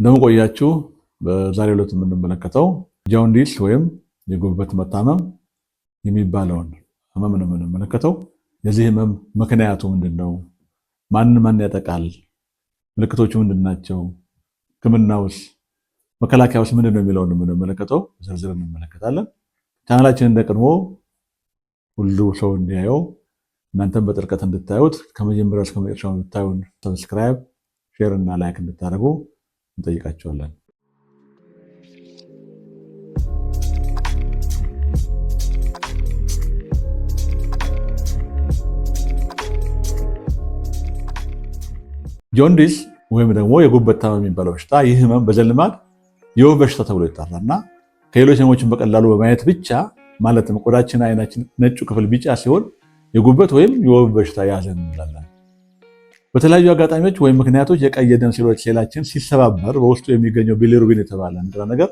እንደምቆያችሁ በዛሬው ዕለት የምንመለከተው ጃውንዲስ ወይም የጉበት መታመም የሚባለውን ህመም ነው የምንመለከተው። የዚህ ህመም ምክንያቱ ምንድን ነው? ማንን ማን ያጠቃል? ምልክቶቹ ምንድን ናቸው? ህክምናውስ፣ መከላከያውስ ምንድን ነው የሚለውን የምንመለከተው ዝርዝር እንመለከታለን። ቻናላችን እንደቀድሞ ሁሉ ሰው እንዲያየው እናንተም በጥልቀት እንድታዩት ከመጀመሪያው እስከ መጨረሻው እንድታዩን ሰብስክራይብ፣ ሼር እና ላይክ እንድታደርጉ እንጠይቃቸዋለን። ጆንዲስ ወይም ደግሞ የጉበት ታመም የሚባለው በሽታ ይህ ህመም በዘልማድ የውብ በሽታ ተብሎ ይጠራና ከሌሎች ህመሞችን በቀላሉ በማየት ብቻ ማለትም ቆዳችን፣ አይናችን ነጩ ክፍል ቢጫ ሲሆን የጉበት ወይም የውብ በሽታ ያዘን እንላለን። በተለያዩ አጋጣሚዎች ወይም ምክንያቶች የቀይ ደም ሴሎች ሴላችን ሲሰባበር በውስጡ የሚገኘው ቢሊሩቢን የተባለ ንጥረ ነገር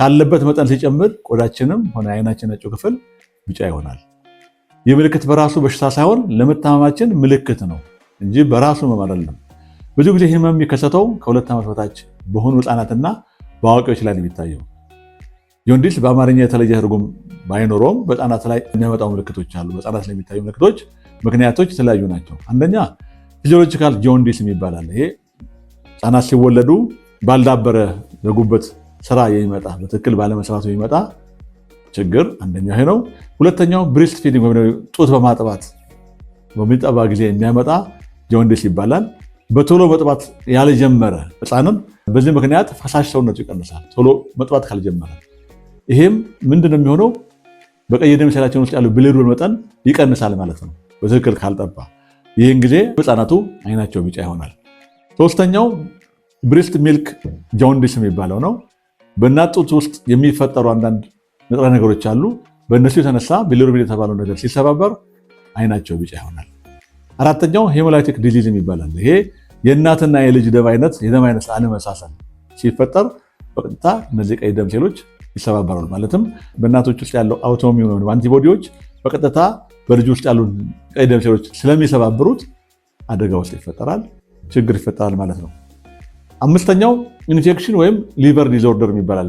ካለበት መጠን ሲጨምር ቆዳችንም ሆነ አይናችን ነጭው ክፍል ቢጫ ይሆናል። ይህ ምልክት በራሱ በሽታ ሳይሆን ለመታመማችን ምልክት ነው እንጂ በራሱ ህመም አይደለም። ብዙ ጊዜ ህመም የሚከሰተው ከሁለት ዓመት በታች በሆኑ ህፃናትና በአዋቂዎች ላይ የሚታየው። ጆንዲስ በአማርኛ የተለየ ትርጉም ባይኖረውም በህፃናት ላይ የሚያመጣው ምልክቶች አሉ። በህፃናት ላይ የሚታዩ ምልክቶች ምክንያቶች የተለያዩ ናቸው። አንደኛ ፊዚዮሎጂካል ጆንዲስ የሚባል አለ። ይሄ ህጻናት ሲወለዱ ባልዳበረ በጉበት ስራ የሚመጣ በትክክል ባለመስራቱ የሚመጣ ችግር አንደኛው ይሄ ነው። ሁለተኛው ብሪስት ፊዲንግ ወይም ጡት በማጥባት በሚጠባ ጊዜ የሚያመጣ ጆንዲስ ይባላል። በቶሎ መጥባት ያልጀመረ ህፃንም በዚህ ምክንያት ፈሳሽ ሰውነቱ ይቀንሳል፣ ቶሎ መጥባት ካልጀመረ። ይሄም ምንድነው የሚሆነው? በቀይ ደም ሴላችን ውስጥ ያሉ ብሌዱን መጠን ይቀንሳል ማለት ነው፣ በትክክል ካልጠባ ይህን ጊዜ ህፃናቱ አይናቸው ቢጫ ይሆናል። ሶስተኛው ብሪስት ሚልክ ጃውንዲስ የሚባለው ነው። በእናት ጡት ውስጥ የሚፈጠሩ አንዳንድ ንጥረ ነገሮች አሉ። በእነሱ የተነሳ ቢሊሩቢን የተባለው ነገር ሲሰባበር አይናቸው ቢጫ ይሆናል። አራተኛው ሄሞላይቲክ ዲዚዝ የሚባላል። ይሄ የእናትና የልጅ ደም አይነት የደም አይነት አለመሳሰል ሲፈጠር በቀጥታ እነዚህ ቀይ ደም ሴሎች ይሰባበራሉ። ማለትም በእናቶች ውስጥ ያለው አውቶሚውን አንቲቦዲዎች በቀጥታ በልጅ ውስጥ ያሉ ቀይ ደብተሮች ስለሚሰባብሩት አደጋ ውስጥ ይፈጠራል፣ ችግር ይፈጠራል ማለት ነው። አምስተኛው ኢንፌክሽን ወይም ሊቨር ዲዞርደር ይባላል።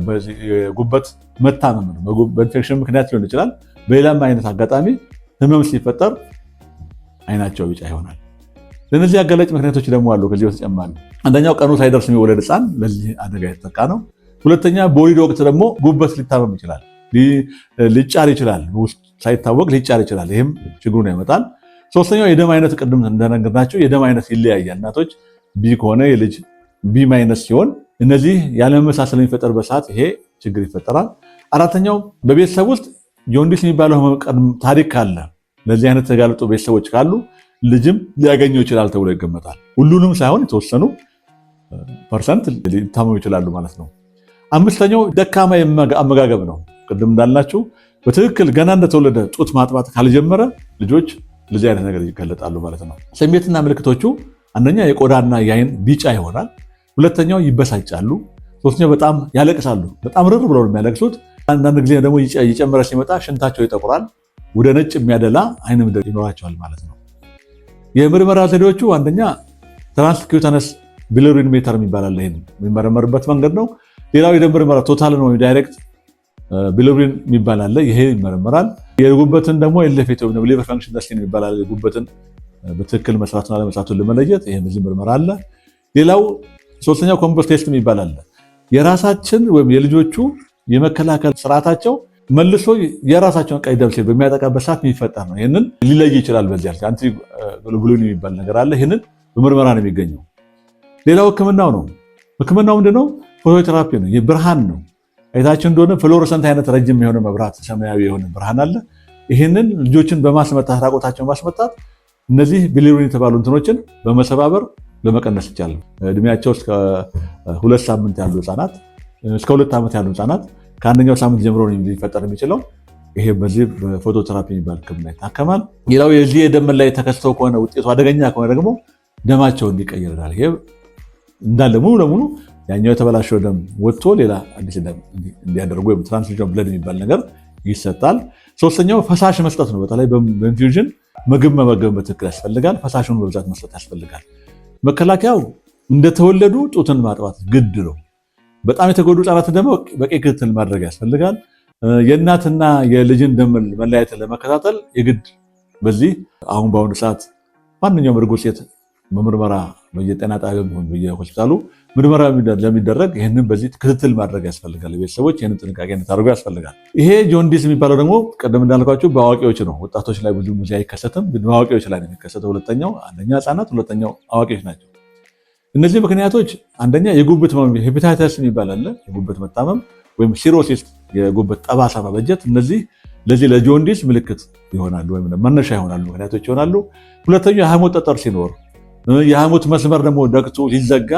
ጉበት መታመም ነው። በኢንፌክሽን ምክንያት ሊሆን ይችላል። በሌላም አይነት አጋጣሚ ህመም ሲፈጠር አይናቸው ቢጫ ይሆናል። ለእነዚህ አጋላጭ ምክንያቶች ደግሞ አሉ። ከዚህ በተጨማሪ አንደኛው ቀኑ ሳይደርስ የሚወለድ ህፃን ለዚህ አደጋ የተጠቃ ነው። ሁለተኛ በወሊድ ወቅት ደግሞ ጉበት ሊታመም ይችላል። ሊጫር ይችላል፣ ሳይታወቅ ሊጫር ይችላል። ይህም ችግሩን ያመጣል። ሶስተኛው የደም አይነት ቅድም እንደነገርናቸው የደም አይነት ይለያያል። እናቶች ቢ ከሆነ የልጅ ቢ ማይነስ ሲሆን እነዚህ ያለመመሳሰል የሚፈጠርበት ሰዓት ይሄ ችግር ይፈጠራል። አራተኛው በቤተሰብ ውስጥ ጆንዲስ የሚባለው ህመም ታሪክ ካለ ለዚህ አይነት ተጋልጦ ቤተሰቦች ካሉ ልጅም ሊያገኘው ይችላል ተብሎ ይገመታል። ሁሉንም ሳይሆን የተወሰኑ ፐርሰንት ሊታመሙ ይችላሉ ማለት ነው። አምስተኛው ደካማ አመጋገብ ነው። ቅድም እንዳልናችሁ በትክክል ገና እንደተወለደ ጡት ማጥባት ካልጀመረ ልጆች ልጅ አይነት ነገር ይገለጣሉ ማለት ነው። ስሜትና ምልክቶቹ አንደኛ የቆዳና የአይን ቢጫ ይሆናል። ሁለተኛው ይበሳጫሉ። ሶስተኛው በጣም ያለቅሳሉ። በጣም ርር ብለው የሚያለቅሱት። አንዳንድ ጊዜ ደግሞ እየጨመረ ሲመጣ ሽንታቸው ይጠቁራል። ወደ ነጭ የሚያደላ አይን ምድር ይኖራቸዋል ማለት ነው። የምርመራ ዘዴዎቹ አንደኛ ትራንስኪዩተነስ ቢሊሩቢን ሜተር የሚባል ይህን የሚመረመርበት መንገድ ነው። ሌላው የደም ምርመራ ነው ወይም ዳይሬክት ቢሎብሪን የሚባል አለ። ይሄ ይመረምራል። የጉበትን ደግሞ ኤልኤፍቲ ወይም ሊቨር ፋንክሽን ቴስቲንግ የሚባል አለ። የጉበትን በትክክል መስራቱን አለመስራቱን ለመለየት ይሄ በዚህ ምርመራ አለ። ሌላው ሶስተኛው ኮምፖስ ቴስት የሚባል አለ። የራሳችን ወይም የልጆቹ የመከላከል ስርዓታቸው መልሶ የራሳቸውን ቀይ ደም ሴል በሚያጠቃበት ሰዓት የሚፈጠር ነው። ይህንን ሊለይ ይችላል። በዚህ አንቲ ግሎቡሊን የሚባል ነገር አለ። ይህንን በምርመራ ነው የሚገኘው። ሌላው ህክምናው ነው። ህክምናው ምንድነው? ፎቶቴራፒ ነው። ብርሃን ነው አይታችን እንደሆነ ፍሎረሰንት አይነት ረጅም የሆነ መብራት ሰማያዊ የሆነ ብርሃን አለ። ይህንን ልጆችን በማስመጣት ራቆታቸውን በማስመጣት እነዚህ ቢሊሩቢን የተባሉ እንትኖችን በመሰባበር ለመቀነስ ይቻላል። እድሜያቸው እስከ ሁለት ሳምንት ያሉ ህጻናት እስከ ሁለት ዓመት ያሉ ህጻናት ከአንደኛው ሳምንት ጀምሮ ሊፈጠር የሚችለው ይሄ በዚህ በፎቶቴራፒ የሚባል ህክምና ይታከማል። ሌላው የዚህ የደም ላይ ተከስተው ከሆነ ውጤቱ አደገኛ ከሆነ ደግሞ ደማቸው እንዲቀይርናል። ይሄ እንዳለ ሙሉ ለሙሉ ያኛው የተበላሸው ደም ወጥቶ ሌላ አዲስ ደም እንዲያደርጉ ወይም ትራንስፊውዥን ብለድ የሚባል ነገር ይሰጣል። ሶስተኛው ፈሳሽ መስጠት ነው። በተለይ በኢንፊውዥን ምግብ መመገብ በትክክል ያስፈልጋል። ፈሳሽን በብዛት መስጠት ያስፈልጋል። መከላከያው እንደተወለዱ ጡትን ማጥባት ግድ ነው። በጣም የተጎዱ ህጻናትን ደግሞ በቂ ክትትል ማድረግ ያስፈልጋል። የእናትና የልጅን ደም መለያየትን ለመከታተል የግድ በዚህ አሁን በአሁኑ ሰዓት ማንኛውም እርጉዝ ሴት በምርመራ በየጤና ጣቢያ ሆን በየሆስፒታሉ ምርመራ ለሚደረግ ይህንን በዚህ ክትትል ማድረግ ያስፈልጋል። ቤተሰቦች ይህንን ጥንቃቄ እንድታደርጉ ያስፈልጋል። ይሄ ጆንዲስ የሚባለው ደግሞ ቀደም እንዳልኳቸው በአዋቂዎች ነው። ወጣቶች ላይ ብዙ ጊዜ አይከሰትም፣ ግን በአዋቂዎች ላይ ነው የሚከሰተው። ሁለተኛው አንደኛ ህፃናት፣ ሁለተኛው አዋቂዎች ናቸው። እነዚህ ምክንያቶች አንደኛ የጉበት ህመም ሄፒታይተስ የሚባል አለ፣ የጉበት መታመም ወይም ሲሮሲስ፣ የጉበት ጠባሳ መበጀት። እነዚህ ለዚህ ለጆንዲስ ምልክት ይሆናሉ ወይም መነሻ ይሆናሉ ምክንያቶች ይሆናሉ። ሁለተኛው የሃሞት ጠጠር ሲኖር የሐሞት መስመር ደግሞ ደግቶ ሲዘጋ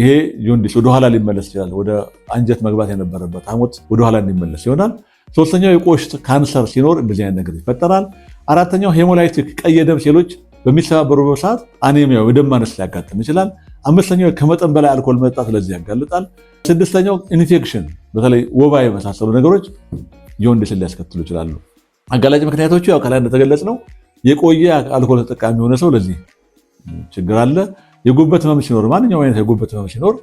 ይሄ ጆንዲስ ወደኋላ ሊመለስ ይችላል። ወደ አንጀት መግባት የነበረበት ሐሞት ወደኋላ እንዲመለስ ይሆናል። ሶስተኛው የቆሽት ካንሰር ሲኖር እንደዚህ አይነት ነገር ይፈጠራል። አራተኛው ሄሞላይቲክ ቀይ ደም ሴሎች በሚሰባበሩ ሰዓት አኔሚያ የደም ማነስ ሊያጋጥም ይችላል። አምስተኛው ከመጠን በላይ አልኮል መጠጣት ለዚህ ያጋልጣል። ስድስተኛው ኢንፌክሽን፣ በተለይ ወባ የመሳሰሉ ነገሮች ጆንዲስን ሊያስከትሉ ይችላሉ። አጋላጭ ምክንያቶቹ ያው ከላይ እንደተገለጽ ነው። የቆየ አልኮል ተጠቃሚ የሆነ ሰው ለዚህ ችግር አለ። የጉበት ህመም ሲኖር ማንኛውም አይነት የጉበት ህመም ሲኖር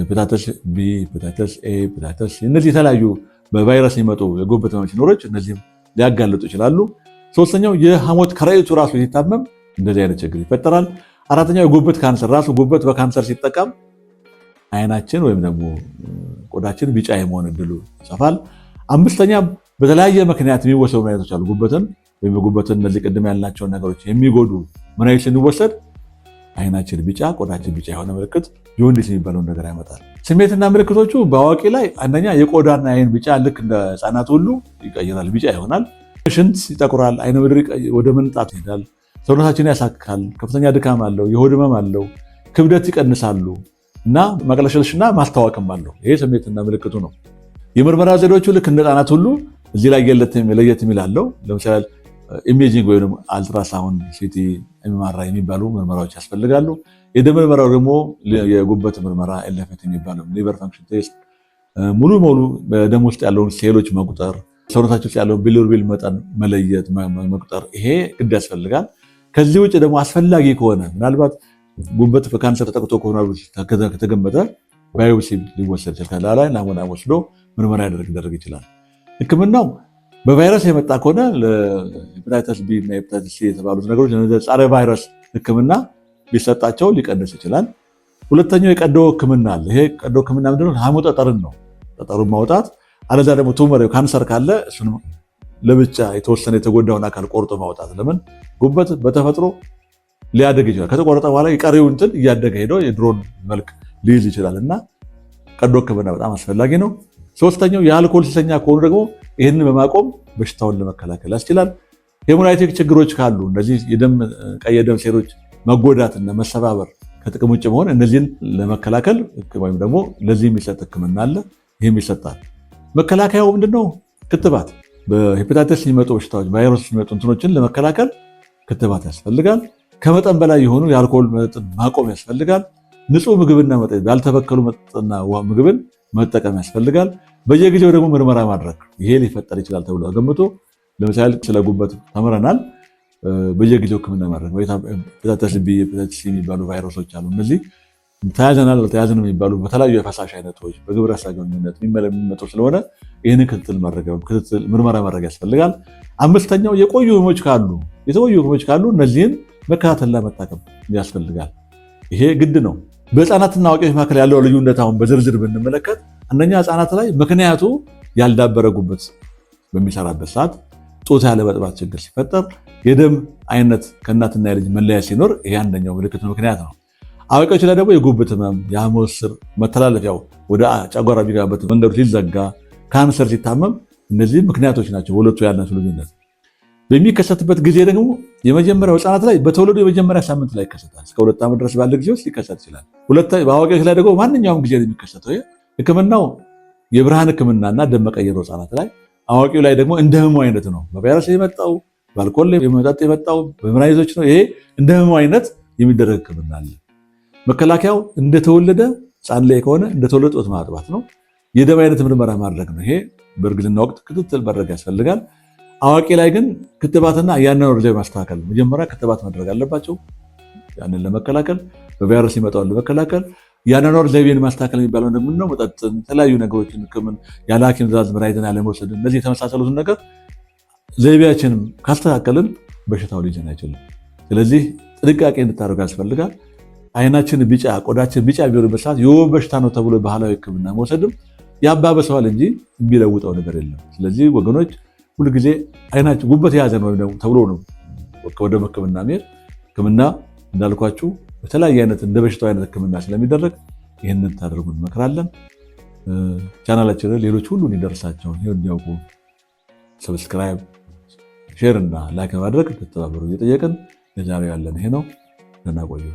ሄፓታይተስ ቢ፣ ሄፓታይተስ ኤ፣ ሄፓታይተስ እነዚህ የተለያዩ በቫይረስ የሚመጡ የጉበት ህመም ሲኖሮች እነዚህም ሊያጋልጡ ይችላሉ። ሶስተኛው የሐሞት ከረጢቱ ራሱ ሲታመም እንደዚህ አይነት ችግር ይፈጠራል። አራተኛው የጉበት ካንሰር ራሱ ጉበት በካንሰር ሲጠቃም አይናችን ወይም ደግሞ ቆዳችን ቢጫ የመሆን እድሉ ይሰፋል። አምስተኛ በተለያየ ምክንያት የሚወሰዱ መድኃኒቶች አሉ። ጉበትን ወይም ጉበትን እነዚህ ቅድም ያልናቸውን ነገሮች የሚጎዱ ምን ስንወሰድ አይናችን ቢጫ፣ ቆዳችን ቢጫ የሆነ ምልክት ጆንዲስ የሚባለውን ነገር ያመጣል። ስሜትና ምልክቶቹ በአዋቂ ላይ አንደኛ የቆዳና አይን ቢጫ ልክ እንደ ህፃናት ሁሉ ይቀይራል፣ ቢጫ ይሆናል። ሽንት ይጠቁራል፣ አይነ ምድር ወደ መንጣት ይሄዳል፣ ሰውነታችን ያሳክካል፣ ከፍተኛ ድካም አለው፣ የሆድ ህመም አለው፣ ክብደት ይቀንሳሉ እና መቅለሸልሽና ማስታወቅም አለው። ይሄ ስሜትና ምልክቱ ነው። የምርመራ ዘዴዎቹ ልክ እንደ ህፃናት ሁሉ እዚህ ላይ ለየት የሚላለው ለምሳሌ ኢሜጂንግ ወይም አልትራሳውን ሲቲ ኤምአርአይ የሚባሉ ምርመራዎች ያስፈልጋሉ። የደም ምርመራው ደግሞ የጉበት ምርመራ ኤልኤፍቲ የሚባሉ ሊቨር ፋንክሽን ቴስት uh, ሙሉ ሙሉ በደም ውስጥ ያለውን ሴሎች መቁጠር፣ ሰውነታቸው ውስጥ ያለውን ቢሊሩቢን መጠን መለየት መቁጠር፣ ይሄ ግድ ያስፈልጋል። ከዚህ ውጭ ደግሞ አስፈላጊ ከሆነ ምናልባት ጉበት በካንሰር ተጠቅቶ ከሆነ ከተገመጠ ባዮፕሲ ሊወሰድ ይችላል። ላላይ ናሙና ወስዶ ምርመራ ያደርግ ይችላል። ህክምናው በቫይረስ የመጣ ከሆነ ለሄፓታይተስ ቢ እና ሄፓታይተስ ሲ የተባሉት ነገሮች ጸረ ቫይረስ ህክምና ቢሰጣቸው ሊቀንስ ይችላል። ሁለተኛው የቀዶ ህክምና አለ። ይሄ ቀዶ ህክምና ምንድነው? ሀሙ ጠጠርን ነው ጠጠሩን ማውጣት፣ አለዛ ደግሞ ቱመር ካንሰር ካለ እሱን ለብቻ የተወሰነ የተጎዳውን አካል ቆርጦ ማውጣት። ለምን ጉበት በተፈጥሮ ሊያደግ ይችላል። ከተቆረጠ በኋላ የቀሪው እንትን እያደገ ሄደው የድሮን መልክ ሊይዝ ይችላል እና ቀዶ ህክምና በጣም አስፈላጊ ነው። ሶስተኛው የአልኮል ሱሰኛ ከሆኑ ደግሞ ይህንን በማቆም በሽታውን ለመከላከል ያስችላል። ሄሞራይቲክ ችግሮች ካሉ እነዚህ ቀይ የደም ሴሎች መጎዳትና መሰባበር ከጥቅም ውጭ መሆን እነዚህን ለመከላከል ወይም ደግሞ ለዚህ የሚሰጥ ሕክምና አለ። ይህም ይሰጣል። መከላከያው ምንድነው? ክትባት በሄፓታይተስ የሚመጡ በሽታዎች ቫይረስ የሚመጡ እንትኖችን ለመከላከል ክትባት ያስፈልጋል። ከመጠን በላይ የሆኑ የአልኮል መጠጥን ማቆም ያስፈልጋል። ንጹህ ምግብና መጠጥ ያልተበከሉ መጠጥና ምግብን መጠቀም ያስፈልጋል። በየጊዜው ደግሞ ምርመራ ማድረግ ይሄ ሊፈጠር ይችላል ተብሎ ተገምቶ ለምሳሌ ስለ ጉበት ተምረናል። በየጊዜው ሕክምና ማድረግ ሄፓታይተስ ቢ፣ ሄፓታይተስ ሲ የሚባሉ ቫይረሶች አሉ። እነዚህ ተያዘናል ተያዝን የሚባሉ በተለያዩ የፈሳሽ አይነቶች በግብረ ሥጋ ግንኙነት የሚመጡ ስለሆነ ይህንን ክትትል ክትትል ምርመራ ማድረግ ያስፈልጋል። አምስተኛው የቆዩ ህመሞች ካሉ የተቆዩ ህመሞች ካሉ እነዚህን መከታተልና መታከም ያስፈልጋል። ይሄ ግድ ነው። በህፃናትና አዋቂዎች መካከል ያለው ልዩነት አሁን በዝርዝር ብንመለከት አንደኛ ህፃናት ላይ ምክንያቱ ያልዳበረ ጉበት በሚሰራበት ሰዓት ጡት ያለመጥባት ችግር ሲፈጠር የደም አይነት ከእናትና የልጅ መለያ ሲኖር ይሄ አንደኛው ምልክት ምክንያት ነው። አዋቂዎች ላይ ደግሞ የጉበት ህመም፣ የሐሞት ስር መተላለፊያው ወደ ጨጓራ የሚገባበት መንገዱ ሲዘጋ፣ ካንሰር ሲታመም እነዚህ ምክንያቶች ናቸው። በሁለቱ ያልነሱ ልዩነት በሚከሰትበት ጊዜ ደግሞ የመጀመሪያው ህፃናት ላይ በተወለዱ የመጀመሪያ ሳምንት ላይ ይከሰታል። እስከ ሁለት ዓመት ድረስ ባለ ጊዜ ውስጥ ሊከሰት ይችላል። በአዋቂዎች ላይ ደግሞ ማንኛውም ጊዜ የሚከሰተው ህክምናው የብርሃን ህክምናና ደም መቀየሩ ህፃናት ላይ፣ አዋቂው ላይ ደግሞ እንደ ህመሙ አይነት ነው። በቫይረስ የመጣው በአልኮል መጠጥ የመጣው በመድኃኒቶች ነው። ይሄ እንደ ህመሙ አይነት የሚደረግ ህክምና አለ። መከላከያው እንደተወለደ ህፃን ላይ ከሆነ እንደተወለደ ጡት ማጥባት ነው። የደም አይነት ምርመራ ማድረግ ነው። ይሄ በእርግዝና ወቅት ክትትል ማድረግ ያስፈልጋል። አዋቂ ላይ ግን ክትባትና ያንን ላይ ማስተካከል መጀመሪያ ክትባት ማድረግ አለባቸው። ያንን ለመከላከል በቫይረስ ይመጣውን ለመከላከል የአኗኗር ዘይቤን ማስተካከል የሚባለው ደግሞ ነው? መጠጥን፣ የተለያዩ ነገሮችን ህክምን ያለ ሐኪም ትዕዛዝ መድኃኒትን ያለመውሰድ እነዚህ የተመሳሰሉትን ነገር ዘይቤያችንም ካስተካከልን በሽታው ሊይዘን አይችልም። ስለዚህ ጥንቃቄ እንድታደርጉ ያስፈልጋል። አይናችን ቢጫ፣ ቆዳችን ቢጫ ቢሆንበት ሰዓት የወባ በሽታ ነው ተብሎ ባህላዊ ህክምና መውሰድም ያባበሰዋል እንጂ የሚለውጠው ነገር የለም። ስለዚህ ወገኖች ሁልጊዜ አይናቸው ጉበት የያዘ ነው ተብሎ ነው ወደ ህክምና መሄድ። ህክምና እንዳልኳችሁ በተለያየ አይነት እንደ በሽታው አይነት ህክምና ስለሚደረግ ይህንን ታደርጉ እንመክራለን። ቻናላችንን ሌሎች ሁሉ እንዲደርሳቸውን ይሁን እንዲያውቁ ሰብስክራይብ፣ ሼር እና ላይክ ማድረግ እንድትተባበሩ እየጠየቅን ለዛሬው ያለን ይሄ ነው። ደህና ቆዩ።